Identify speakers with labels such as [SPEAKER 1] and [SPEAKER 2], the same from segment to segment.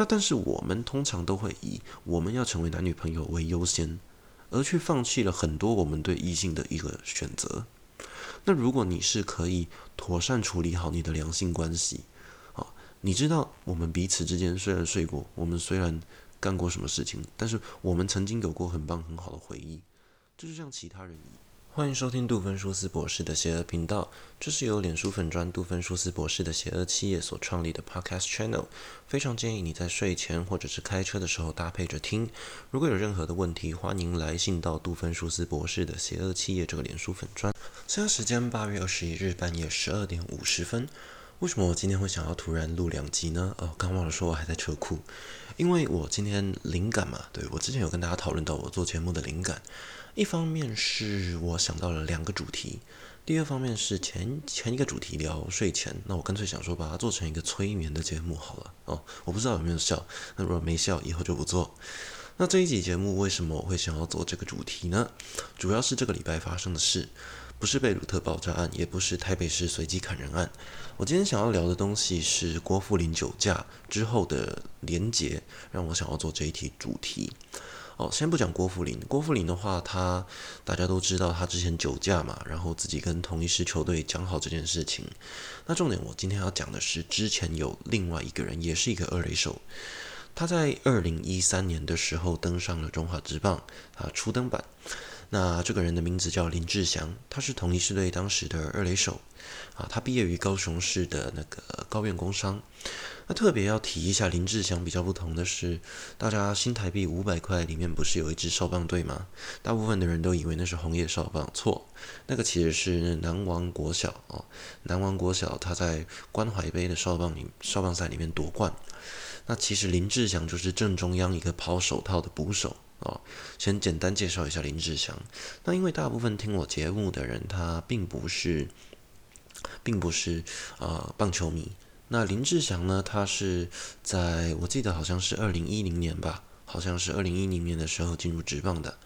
[SPEAKER 1] 那但是我們通常都會以我們要成為男女朋友為優先，而去放棄了很多我們對異性的一個選擇。那如果你是可以妥善處理好你的兩性關係，啊，你知道我們彼此之間雖然睡過，我們雖然幹過什麼事情，但是我們曾經有過很棒很好的回憶，就是像其他人一樣。歡迎收聽杜芬舒斯博士的邪惡頻道，這是由臉書粉專杜芬舒斯博士的邪惡企業所創立的 podcast channel，非常建議你在睡前或者是開車的時候搭配着聽。如果有任何的問題，歡迎來信到杜芬舒斯博士的邪惡企業這個臉書粉專。現在時間八月二十一日半夜十二點五十分。為什麼我今天會想要突然錄兩集呢？哦，剛忘了說，我還在車庫。因為我今天靈感嘛，對，我之前有跟大家討論到我做節目的靈感，一方面是我想到了兩個主題，第二方面是前前一個主題聊睡前，那我乾脆想說把它做成一個催眠的節目好了。哦，我不知道有沒有效，那如果沒效，以後就不做。那這一集節目為什麼我會想要做這個主題呢？主要是這個禮拜發生的事。不是貝魯特爆炸案，也不是台北市隨機砍人案。我今天想要聊的東西是郭富林酒駕之後的連結，讓我想要做這一題主題。哦，先不講郭富林，郭富林的話他，他大家都知道，他之前酒駕嘛，然後自己跟同一支球隊講好這件事情。那重點我今天要講的是，之前有另外一個人，也是一個二壘手，他在二零一三年的時候登上了中華職棒啊初登板。那這個人的名字叫林志祥，他是同一支隊當時的二壘手，啊，他畢業於高雄市的那個高苑工商。那特別要提一下，林志祥比較不同的是，大家新台幣五百塊裡面不是有一支少棒隊嗎？大部分的人都以為那是紅葉少棒，錯，那個其實是南王國小哦，南王國小他在關懷杯的少棒裡少棒賽裡面奪冠。那其實林志祥就是正中央一個拋手套的捕手。哦，先簡單介紹一下林志祥。那因為大部分聽我節目的人，他並不是，並不是啊、呃、棒球迷。那林志祥呢？他是在我記得好像是二零一零年吧，好像是二零一零年的時候進入職棒的。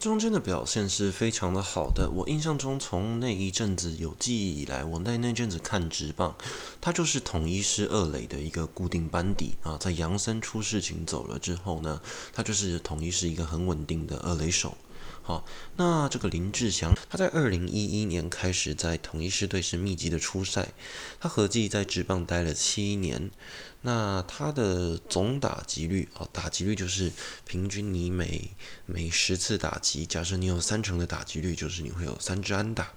[SPEAKER 1] 中間的表現是非常的好的。我印象中，從那一陣子有記憶以來，我那那陣子看職棒，他就是統一獅二壘的一個固定班底啊。在陽森出事情走了之後呢，他就是統一獅一個很穩定的二壘手。好，那這個林志祥，他在二零一一年開始在統一獅隊是密集的出賽，他合計在職棒待了七年，那他的總打擊率，哦，打擊率就是平均你每每十次打擊，假設你有三成的打擊率，就是你會有三支安打。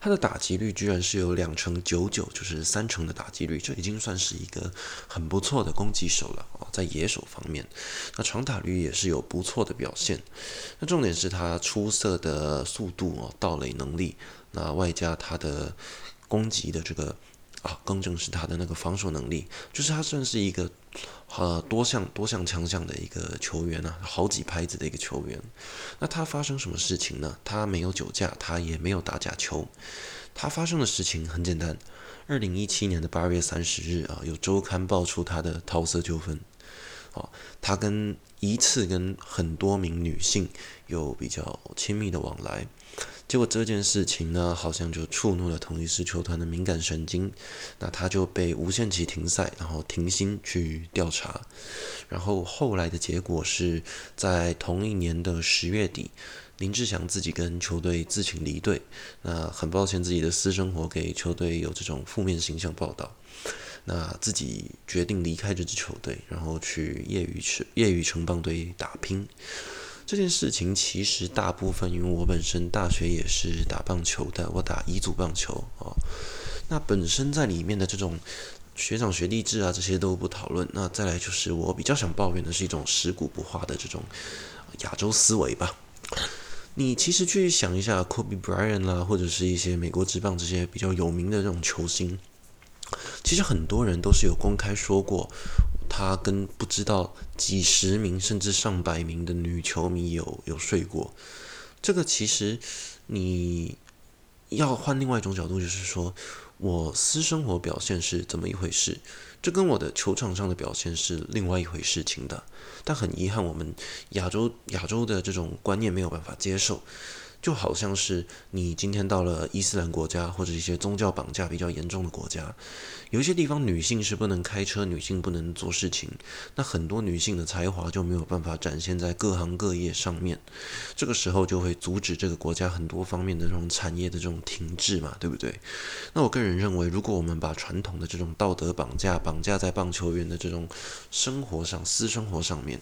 [SPEAKER 1] 他的打擊率居然是有兩成九九，就是三成的打擊率，這已經算是一個很不錯的攻擊手了，在野手方面。那長打率也是有不錯的表現。那重點是他出色的速度哦，盜壘能力，那外加他的攻擊的這個啊，更正是他的那個防守能力，就是他算是一個。呃，多項多項強項的一個球員啊，好幾拍子的一個球員。那他發生什麼事情呢？他沒有酒駕，他也沒有打假球。他發生的事情很簡單，二零一七年的八月三十日啊，有周刊爆出他的桃色糾紛。哦，他跟一次跟很多名女性有比較親密的往來，結果這件事情呢，好像就觸怒了統一獅球團的敏感神經，那他就被無限期停賽，然後停薪去調查，然後後來的結果是在同一年的十月底，林志祥自己跟球隊自請離隊，那很抱歉自己的私生活給球隊有這種負面形象報道那自己決定離開這支球隊，然後去業餘、業餘成棒隊打拼這件事情，其實大部分因為我本身大學也是打棒球的，我打乙組棒球哦。那本身在裡面的這種學長學弟制啊，這些都不討論。那再來就是我比較想抱怨的是一種食古不化的這種亞洲思維吧。你其實去想一下 Kobe Bryant 啦、啊，或者是一些美國職棒這些比較有名的這種球星。其實很多人都是有公開說過，他跟不知道幾十名甚至上百名的女球迷有有睡過。這個其實你要換另外一種角度，就是說我私生活表現是怎麼一回事，這跟我的球場上的表現是另外一回事情的。但很遺憾，我們亞洲亞洲的這種觀念沒有辦法接受。就好像是你今天到了伊斯蘭國家或者，一些宗教綁架比較嚴重的國家，有一些地方女性是不能開車，女性不能做事情，那很多女性的才華就沒有辦法展現在各行各業上面。這個時候就會阻止這個國家很多方面的這種產業的這種停滯嘛，對不對？那我個人認為，如果我們把傳統的這種道德綁架綁架在棒球員的這種生活上、私生活上面，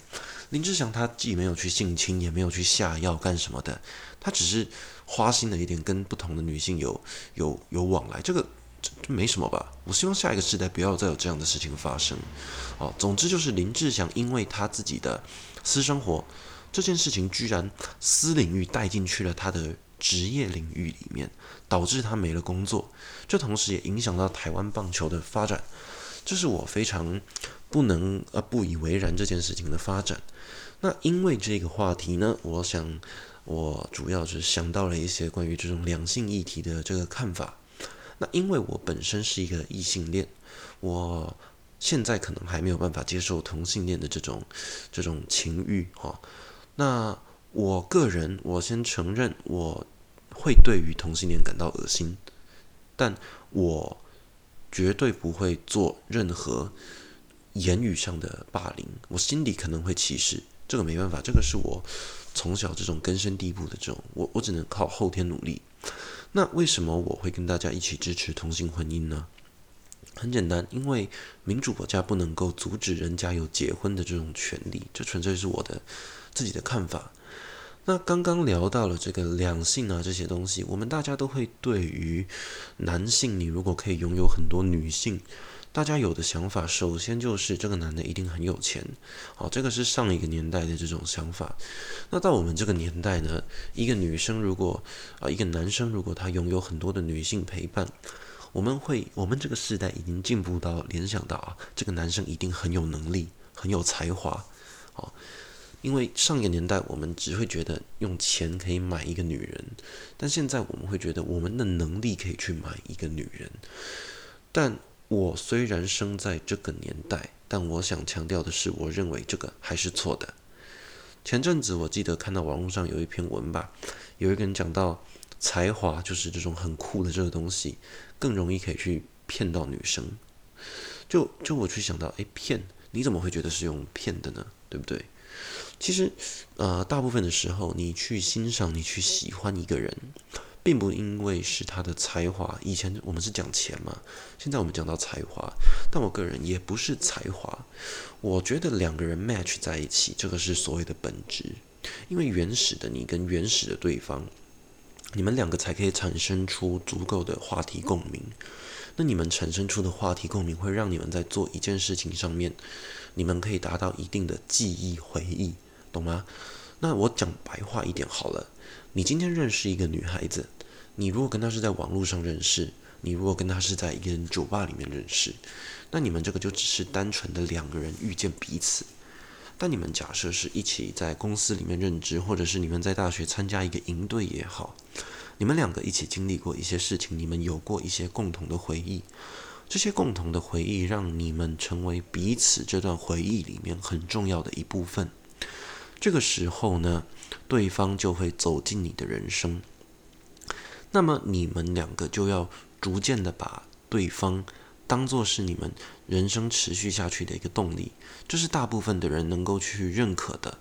[SPEAKER 1] 林志祥他既沒有去性侵，也沒有去下藥幹什麼的。他只是花心的一點，跟不同的女性有有有往來，這個這沒什麼吧？我希望下一個時代不要再有這樣的事情發生。哦，總之就是林志祥，因為他自己的私生活這件事情，居然私領域帶進去了他的職業領域裡面，導致他沒了工作，這同時也影響到台灣棒球的發展。這是我非常不能呃不以為然這件事情的發展。那因為這個話題呢，我想。我主要是想到了一些關於這種兩性議題的這個看法。那因為我本身是一個異性戀，我現在可能還沒有辦法接受同性戀的這種這種情欲哈。那我個人，我先承認我會對於同性戀感到惡心，但我絕對不會做任何言語上的霸凌。我心裡可能會歧視，這個沒辦法，這個是我。從小這種根深蒂固的這種，我我只能靠後天努力。那為什麼我會跟大家一起支持同性婚姻呢？很簡單，因為民主國家不能夠阻止人家有結婚的這種權利，這純粹是我的自己的看法。那剛剛聊到了這個兩性啊，這些東西，我們大家都會對於男性，你如果可以擁有很多女性。大家有的想法，首先就是這個男的一定很有錢，好，這個是上一個年代的這種想法。那到我們這個年代呢，一個女生如果啊，一個男生如果他擁有很多的女性陪伴，我們會，我們這個時代已經進步到聯想到啊，這個男生一定很有能力，很有才華，好，因為上一個年代我們只會覺得用錢可以買一個女人，但現在我們會覺得我們的能力可以去買一個女人，但。我雖然生在這個年代，但我想強調的是，我認為這個還是錯的。前陣子我記得看到網絡上有一篇文吧，有一個人講到才華就是這種很酷的這個東西，更容易可以去騙到女生。就就我去想到，哎，騙你怎麼會覺得是用騙的呢？對不對？其實，呃，大部分的時候你去欣賞、你去喜歡一個人。並不因為是他的才華，以前我們是講錢嘛，現在我們講到才華，但我個人也不是才華。我覺得兩個人 match 在一起，這個是所謂的本質，因為原始的你跟原始的對方，你們兩個才可以產生出足夠的話題共鳴，那你們產生出的話題共鳴會讓你們在做一件事情上面，你們可以達到一定的記憶回憶，懂嗎？那我講白話一點好了。你今天認識一個女孩子，你如果跟她是在網絡上認識，你如果跟她是在一個酒吧裡面認識，那你們這個就只是單純的兩個人遇見彼此。但你們假設是一起在公司裡面任職，或者是你們在大學參加一個營隊也好，你們兩個一起經歷過一些事情，你們有過一些共同的回憶，這些共同的回憶讓你們成為彼此這段回憶裡面很重要的一部分。這個時候呢，對方就會走進你的人生，那麼你們兩個就要逐漸的把對方當做是你們人生持續下去的一個動力，這、就是大部分的人能夠去認可的。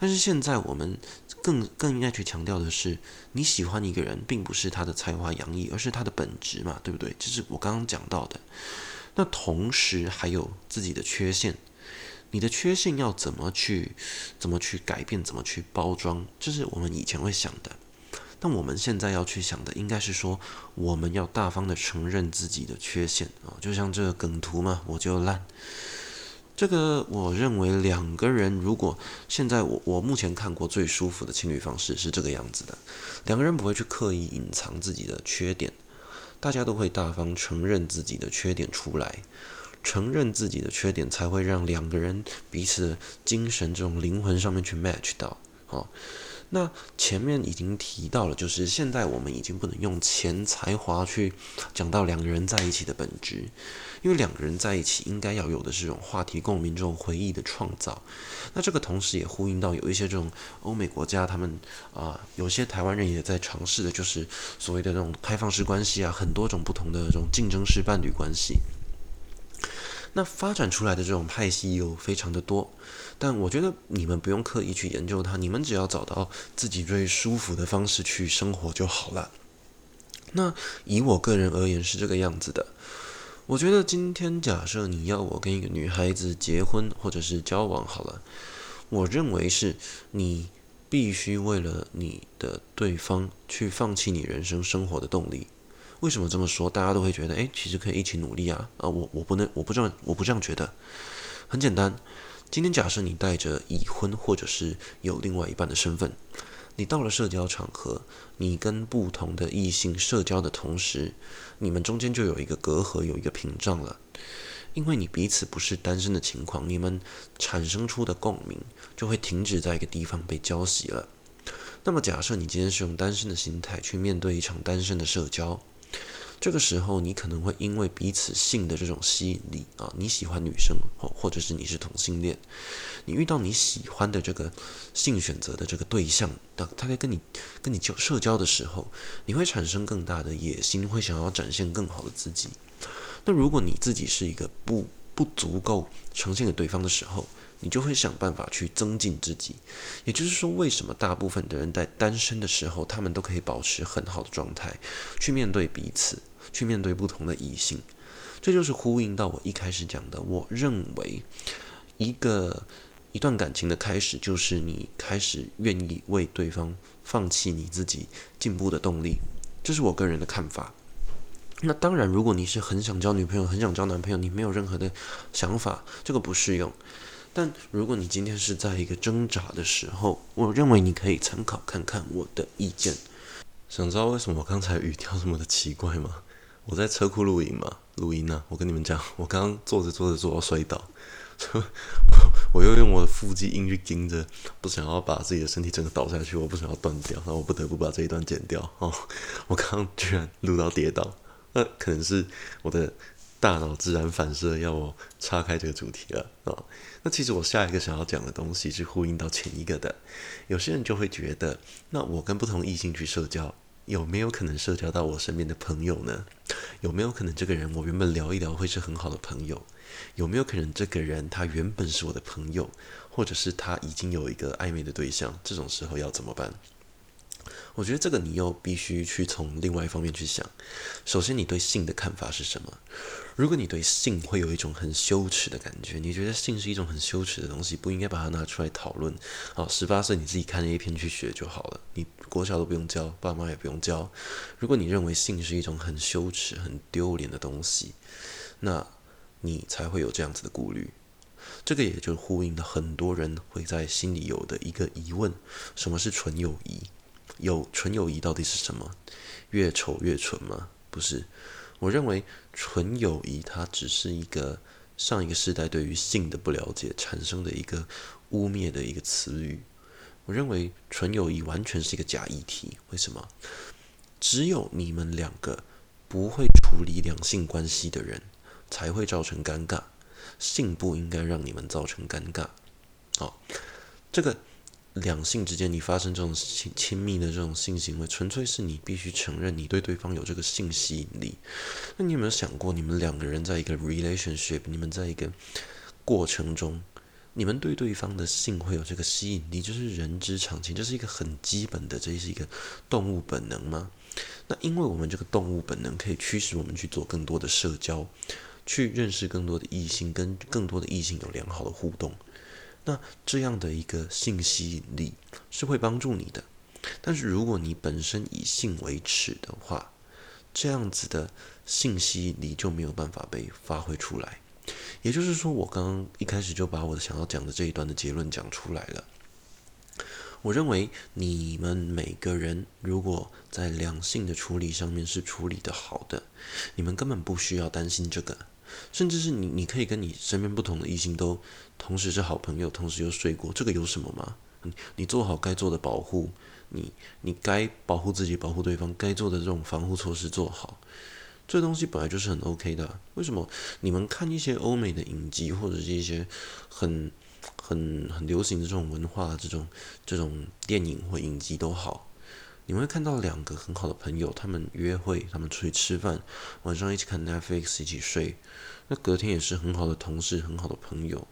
[SPEAKER 1] 但是現在我們更更應該去強調的是，你喜歡一個人，並不是他的才華洋溢，而是他的本質嘛，對不對？這是我剛剛講到的，那同時還有自己的缺陷。你的缺陷要怎麼去，怎麼去改變，怎麼去包裝，就是我們以前會想的。但我們現在要去想的，應該是說我們要大方的承認自己的缺陷。就像這個梗圖嘛，我就爛。這個我認為兩個人如果現在我我目前看過最舒服的情侶方式是這個樣子的，兩個人不會去刻意隱藏自己的缺點，大家都會大方承認自己的缺點出來。承認自己的缺點，才會讓兩個人彼此的精神這種靈魂上面去 match 到。好，那前面已經提到了，就是現在我們已經不能用錢、才華去講到兩個人在一起的本質，因為兩個人在一起應該要有的是這種話題共鳴、這種回憶的創造。那這個同時也呼應到有一些這種歐美國家，他們啊，有些台灣人也在嘗試的，就是所謂的這種開放式關係啊，很多種不同的這種競爭式伴侶關係。那發展出來的這種派系又非常的多，但我覺得你們不用刻意去研究它，你們只要找到自己最舒服的方式去生活就好了。那以我個人而言是這個樣子的，我覺得今天假設你要我跟一個女孩子結婚或者是交往好了，我認為是你必須為了你的對方去放棄你人生生活的動力。為什麼這麼說？大家都會覺得，哎，其實可以一起努力啊！啊，我我不能，我不這樣，我不這樣覺得。很簡單，今天假設你帶着已婚或者是有另外一半的身份，你到了社交場合，你跟不同的異性社交的同時，你們中間就有一個隔閡，有一個屏障了，因為你彼此不是單身的情況，你們產生出的共鳴就會停止在一個地方被交集了。那麼假設你今天是用單身的心態去面對一場單身的社交。這個時候，你可能會因為彼此性的這種吸引力啊，你喜歡女生，或或者是你是同性戀，你遇到你喜歡的這個性選擇的這個對象的，他在跟你跟你交社交的時候，你會產生更大的野心，會想要展現更好的自己。那如果你自己是一個不不足夠呈現給對方的時候，你就會想辦法去增進自己，也就是說，為什麼大部分的人在單身的時候，他們都可以保持很好的狀態，去面對彼此，去面對不同的異性，這就是呼應到我一開始講的。我認為，一個一段感情的開始，就是你開始願意為對方放棄你自己進步的動力，這是我個人的看法。那當然，如果你是很想交女朋友、很想交男朋友，你沒有任何的想法，這個不適用。但如果你今天是在一個掙扎的時候，我認為你可以參考看看我的意見。想知道為什麼我剛才語調這麼的奇怪嗎？我在車庫錄音嘛，錄音啊！我跟你們講，我剛剛坐着坐着坐到摔倒我，我又用我的腹肌硬去頂著，不想要把自己的身體整個倒下去，我不想要斷掉，那我不得不把這一段剪掉哦。我剛剛居然錄到跌倒，那可能是我的。大腦自然反射要我岔開這個主題了啊、哦！那其實我下一個想要講的東西是呼應到前一個的。有些人就會覺得，那我跟不同異性去社交，有沒有可能社交到我身邊的朋友呢？有沒有可能這個人我原本聊一聊會是很好的朋友？有沒有可能這個人他原本是我的朋友，或者是他已經有一個曖昧的對象？這種時候要怎麼辦？我覺得這個你又必須去從另外一方面去想。首先，你對性的看法是什麼？如果你對性會有一種很羞恥的感覺，你覺得性是一種很羞恥的東西，不應該把它拿出來討論。好，十八歲你自己看那一篇去學就好了，你國小都不用教，爸媽也不用教。如果你認為性是一種很羞恥、很丟臉的東西，那你才會有這樣子的顧慮。這個也就呼應了很多人會在心裡有的一個疑問：什麼是純友誼？有純友誼到底是什麼？越醜越純嗎？不是。我認為純友誼它只是一個上一個世代對於性的不了解產生的一個污衊的一個詞語。我認為純友誼完全是一個假議題。為什麼？只有你們兩個不會處理兩性關係的人才會造成尷尬。性不應該讓你們造成尷尬。好、哦，這個。兩性之間，你發生這種親密的這種性行為，純粹是你必須承認你對對方有這個性吸引力。那你有沒有想過，你們兩個人在一個 relationship，你們在一個過程中，你們對對方的性會有這個吸引力，就是人之常情，這是一個很基本的，這是一個動物本能嗎？那因為我們這個動物本能可以驅使我們去做更多的社交，去認識更多的異性，跟更多的異性有良好的互動。那這樣的一個性吸引力是會幫助你的，但是如果你本身以性為恥的話，這樣子的性吸引力就沒有辦法被發揮出來。也就是說，我剛剛一開始就把我想要講的這一段的結論講出來了。我認為你們每個人如果在兩性的處理上面是處理得好的，你們根本不需要擔心這個，甚至是你，你可以跟你身邊不同的異性都。同時是好朋友，同時又睡過，這個有什麼嗎？你你做好該做的保護，你你該保護自己，保護對方，該做的這種防護措施做好，這東西本來就是很 OK 的啊。為什麼你們看一些歐美的影集，或者是一些很很很流行的這種文化，這種這種電影或影集都好，你們會看到兩個很好的朋友，他們約會，他們出去吃飯，晚上一起看 Netflix，一起睡，那隔天也是很好的同事，很好的朋友。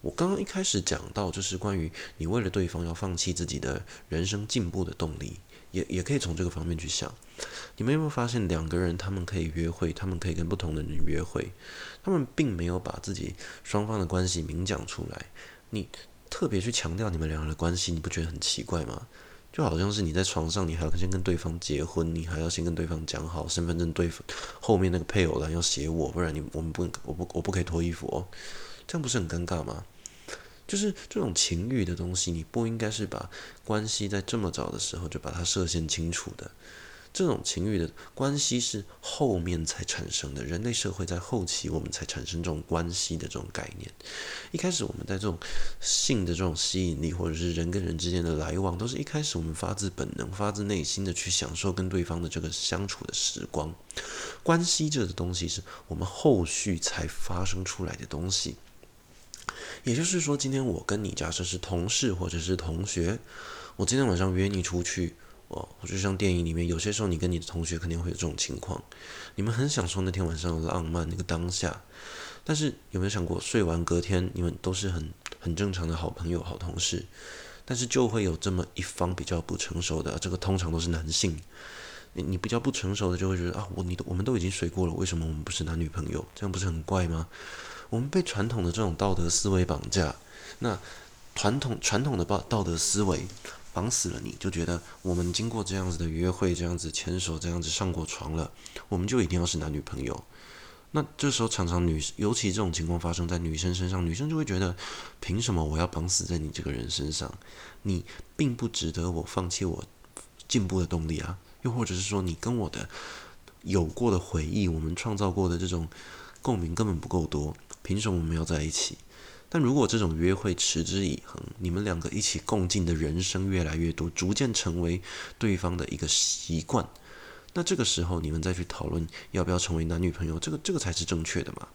[SPEAKER 1] 我剛剛一開始講到，就是關於你為了對方要放棄自己的人生進步的動力也，也也可以從這個方面去想。你們有沒有發現，兩個人他們可以約會，他們可以跟不同的人約會，他們並沒有把自己雙方的關係明講出來。你特別去強調你們兩人的關係，你不覺得很奇怪嗎？就好像是你在床上，你還要先跟對方結婚，你還要先跟對方講好身份證對後面那個配偶欄要寫我，不然你我們不我不我不，我不可以脫衣服哦。這樣不是很尷尬嗎？就是這種情欲的東西，你不應該是把關係在這麼早的時候就把它設限清楚的。這種情欲的關係是後面才產生的。人類社會在後期我們才產生這種關係的這種概念。一開始我們在這種性的這種吸引力，或者是人跟人之間的來往，都是一開始我們發自本能、發自內心的去享受跟對方的這個相處的時光。關係這個東西是我們後續才發生出來的東西。也就是說，今天我跟你假設是同事或者是同學，我今天晚上約你出去，哦，我就像電影裡面有些時候，你跟你的同學肯定會有這種情況，你們很享受那天晚上的浪漫那個當下，但是有沒有想過，睡完隔天你們都是很很正常的好朋友、好同事，但是就會有這麼一方比較不成熟的，這個通常都是男性，你你比較不成熟的就會覺得啊，我你我們都已經睡過了，為什麼我們不是男女朋友？這樣不是很怪嗎？我們被傳統的這種道德思維綁架，那傳統傳統的道道德思維綁死了，你就覺得我們經過這樣子的約會，這樣子牽手，這樣子上過床了，我們就一定要是男女朋友。那這時候常常女，尤其這種情況發生在女生身上，女生就會覺得，憑什麼我要綁死在你這個人身上？你並不值得我放棄我進步的動力啊！又或者是說，你跟我的有過的回憶，我們創造過的這種共鳴根本不夠多。憑什麼我們要在一起？但如果這種約會持之以恆，你們兩個一起共進的人生越來越多，逐漸成為對方的一個習慣，那這個時候你們再去討論要不要成為男女朋友，這個這個才是正確的嘛。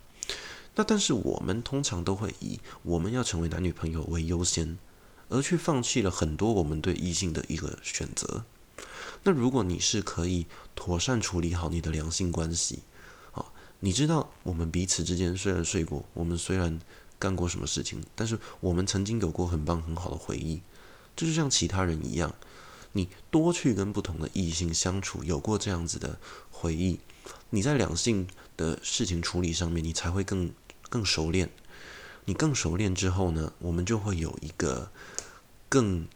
[SPEAKER 1] 那但是我們通常都會以我們要成為男女朋友為優先，而去放棄了很多我們對異性的一個選擇。那如果你是可以妥善處理好你的良性關係。你知道，我們彼此之間雖然睡過，我們雖然幹過什麼事情，但是我們曾經有過很棒、很好的回憶。這就像其他人一樣，你多去跟不同的異性相處，有過這樣子的回憶，你在兩性的事情處理上面，你才會更更熟練。你更熟練之後呢，我們就會有一個更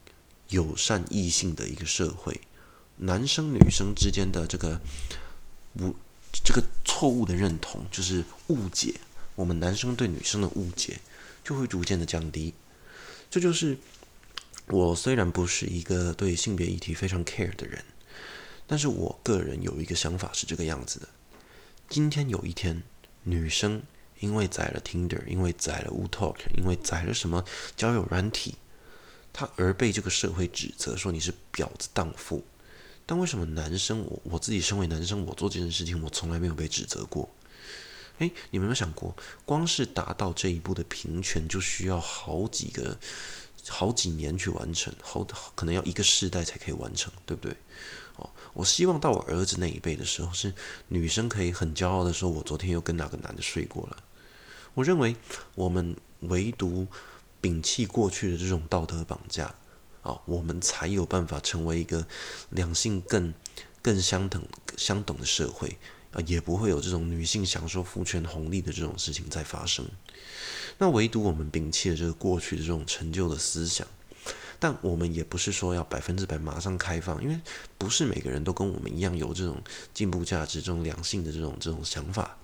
[SPEAKER 1] 友善異性的一個社會。男生女生之間的這個不。這個錯誤的認同就是誤解，我們男生對女生的誤解就會逐漸的降低。這就是我雖然不是一個對性別議題非常 care 的人，但是我個人有一個想法是這個樣子的：今天有一天，女生因為載了 Tinder，因為載了 WooTalk，因為載了什麼交友軟體，她而被這個社會指責說你是婊子蕩婦。但為什麼男生，我我自己身為男生，我做這件事情我從來沒有被指責過？誒、欸，你們有沒有想過，光是達到這一步的平權，就需要好幾個、好幾年去完成，好可能要一個世代才可以完成，對不對？哦，我希望到我兒子那一輩的時候，是女生可以很驕傲地說，我昨天又跟哪個男的睡過了。我認為，我們唯獨摒棄過去的這種道德綁架。啊，我們才有辦法成為一個兩性更更相等相等的社會，啊，也不會有這種女性享受父權紅利的這種事情在發生。那唯獨我們摒棄了這個過去的這種陳舊的思想，但我們也不是說要百分之百馬上開放，因為不是每個人都跟我們一樣有這種進步價值、這種兩性的這種這種想法。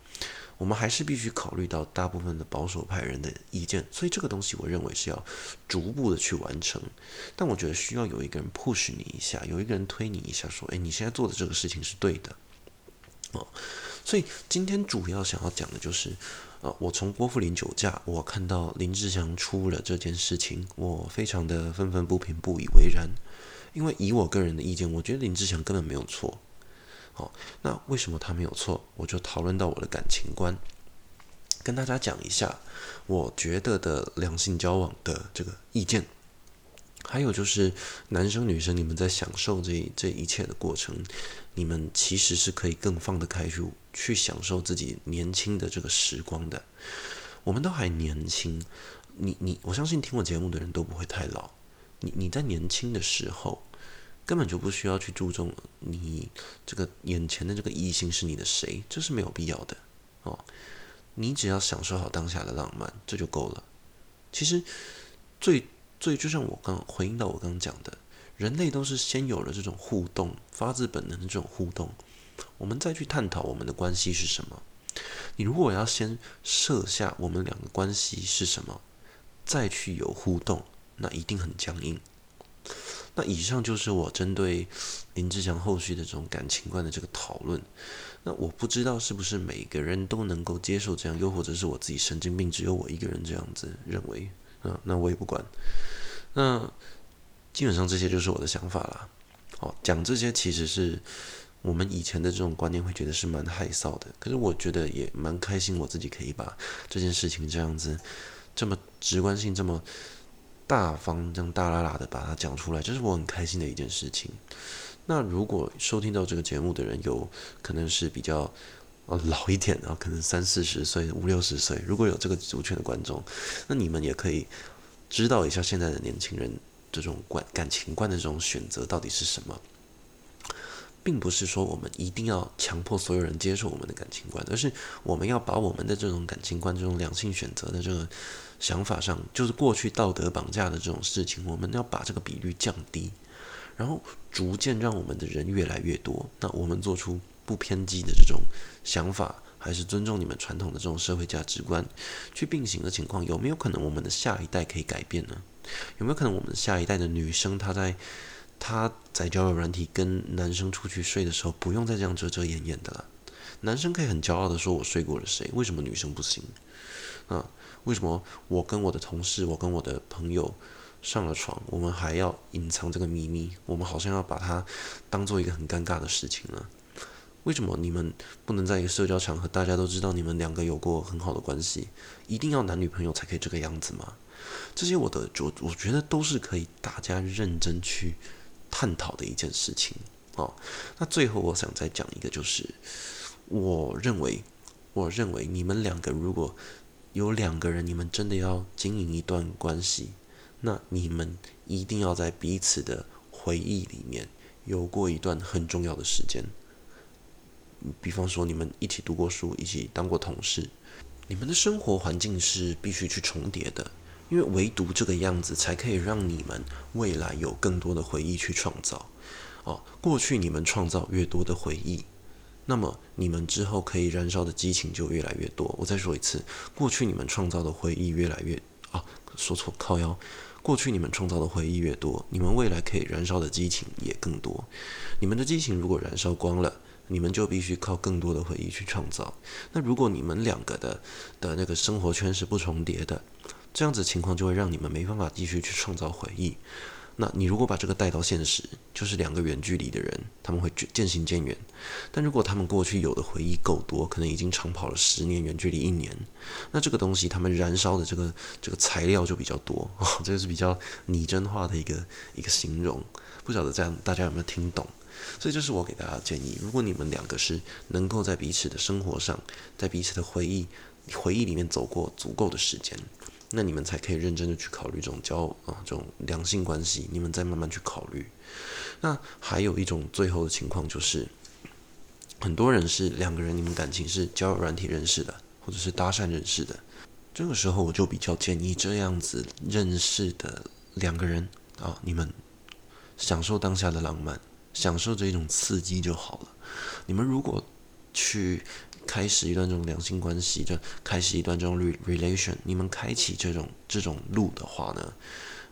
[SPEAKER 1] 我們還是必須考慮到大部分的保守派人的意見，所以這個東西我認為是要逐步的去完成。但我覺得需要有一個人 push 你一下，有一個人推你一下，說：“哎，你現在做的這個事情是對的。”啊，所以今天主要想要講的就是，呃，我從郭富林酒駕，我看到林志祥出了這件事情，我非常的憤憤不平、不以為然，因為以我個人的意見，我覺得林志祥根本沒有錯。好，那為什麼他沒有錯？我就討論到我的感情觀，跟大家講一下，我覺得的兩性交往的這個意見。還有就是，男生女生，你們在享受這一這一切的過程，你們其實是可以更放得開去去享受自己年輕的這個時光的。我們都還年輕，你你，我相信聽我節目的人都不會太老。你你在年輕的時候，根本就不需要去注重你這個眼前的這個異性是你的誰，這是沒有必要的哦。你只要享受好當下的浪漫，這就夠了。其實，最最就像我剛回應到我剛剛講的，人類都是先有了這種互動，發自本能的這種互動，我們再去探討我們的關係是什麼。你如果要先設下我們兩個關係是什麼，再去有互動，那一定很僵硬。那以上就是我針對林志祥後續的這種感情觀的這個討論。那我不知道是不是每個人都能夠接受這樣，又或者是我自己神經病，只有我一個人這樣子認為。嗯，那我也不管。那基本上這些就是我的想法了。哦，講這些其實是我們以前的這種觀念會覺得是蠻害臊的，可是我覺得也蠻開心，我自己可以把這件事情這樣子這麼直觀性這麼。大方，這樣大啦啦的把它講出來，這是我很開心的一件事情。那如果收聽到這個節目的人有，有可能是比較老一點的，可能三四十歲、五六十歲，如果有這個族群的觀眾，那你們也可以知道一下現在的年輕人這種感情觀的這種選擇到底是什麼。並不是說我們一定要強迫所有人接受我們的感情觀，而是我們要把我們的這種感情觀、這種兩性選擇的這個。想法上就是過去道德綁架的這種事情，我們要把這個比率降低，然後逐漸讓我們的人越來越多。那我們做出不偏激的這種想法，還是尊重你們傳統的這種社會價值觀去並行的情況，有沒有可能我們的下一代可以改變呢？有沒有可能我們下一代的女生在，她在她在交友軟體跟男生出去睡的時候，不用再這樣遮遮掩掩的了。男生可以很驕傲的說：“我睡過了誰？”為什麼女生不行？啊？為什麼我跟我的同事，我跟我的朋友上了床，我們還要隱藏這個秘密？我們好像要把它當做一個很尷尬的事情呢？為什麼你們不能在一個社交場合，大家都知道你們兩個有過很好的關係，一定要男女朋友才可以這個樣子嗎？這些我的，我我覺得都是可以大家認真去探討的一件事情啊。那最後我想再講一個，就是我認為，我認為你們兩個如果。有兩個人，你們真的要經營一段關係，那你們一定要在彼此的回憶裡面有過一段很重要的時間。比方說，你們一起讀過書，一起當過同事，你們的生活環境是必須去重疊的，因為唯獨這個樣子，才可以讓你們未來有更多的回憶去創造。哦，過去你們創造越多的回憶。那麼你們之後可以燃燒的激情就越來越多。我再說一次，過去你們創造的回憶越來越……啊，說錯，靠腰。過去你們創造的回憶越多，你們未來可以燃燒的激情也更多。你們的激情如果燃燒光了，你們就必須靠更多的回憶去創造。那如果你們兩個的的那個生活圈是不重疊的，這樣子情況就會讓你們沒辦法繼續去創造回憶。那你如果把這個帶到現實，就是兩個遠距離的人，他們會漸行漸遠。但如果他們過去有的回憶夠多，可能已經長跑了十年，遠距離一年，那這個東西他們燃燒的這個這個材料就比較多。哦，這個是比較擬真化的一個一個形容，不曉得這樣大家有沒有聽懂？所以這是我給大家的建議，如果你們兩個是能夠在彼此的生活上，在彼此的回憶回憶裡面走過足夠的時間。那你們才可以認真的去考慮這種交啊這種良性關係，你們再慢慢去考慮。那還有一種最後的情況就是，很多人是兩個人，你們感情是交友軟體認識的，或者是搭訕認識的。這個時候我就比較建議這樣子認識的兩個人啊，你們享受當下的浪漫，享受這一種刺激就好了。你們如果去。開始一段這種兩性關係，就開始一段這種 relation。relation, 你們開啟這種這種路的話呢，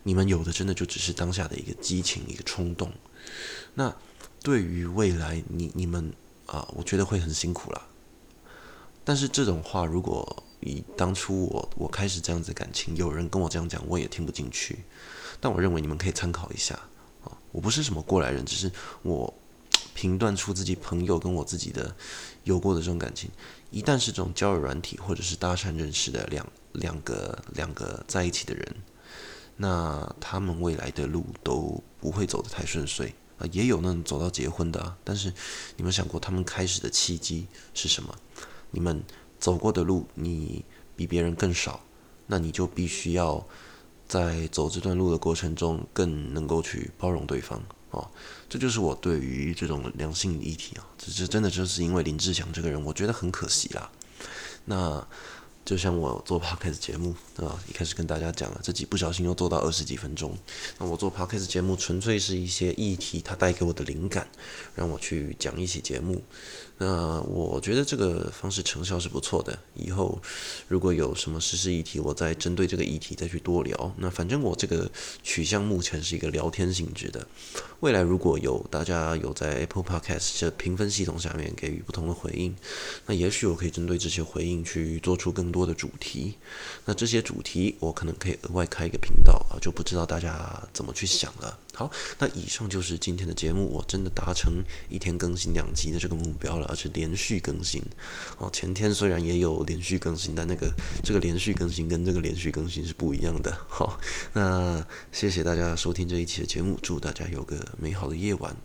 [SPEAKER 1] 你們有的真的就只是當下的一個激情、一個衝動。那對於未來，你你們啊，我覺得會很辛苦啦。但是這種話，如果以當初我我開始這樣子的感情，有人跟我這樣講，我也聽不進去。但我認為你們可以參考一下。啊、我不是什麼過來人，只是我。評斷出自己朋友跟我自己的有過的這種感情，一旦是這種交友軟體或者是搭訕認識的兩兩個兩個在一起的人，那他們未來的路都不會走得太順遂啊、呃，也有那種走到結婚的、啊，但是你們想過他們開始的契機是什麼？你們走過的路，你比別人更少，那你就必須要在走這段路的過程中，更能夠去包容對方。哦，這就是我對於這種兩性議題啊，這這真的就是因為林志祥這個人，我覺得很可惜啦。那。就像我做 Podcast 節目啊，一開始跟大家講了，自己不小心又做到二十幾分鐘。那我做 Podcast 節目純粹是一些議題它帶給我的靈感，讓我去講一期節目。那我覺得這個方式成效是不錯的。以後如果有什麼時事議題，我再針對這個議題再去多聊。那反正我這個取向目前是一個聊天性質的。未來如果有大家有在 Apple Podcast 的評分系統下面給予不同的回應，那也許我可以針對這些回應去做出更多的主題，那這些主題我可能可以額外開一個頻道啊，就不知道大家怎麼去想了。好，那以上就是今天的節目，我真的達成一天更新兩集的這個目標了，而且連續更新。哦，前天雖然也有連續更新，但那個這個連續更新跟這個連續更新是不一樣的。好，那謝謝大家收聽這一期的節目，祝大家有個美好的夜晚。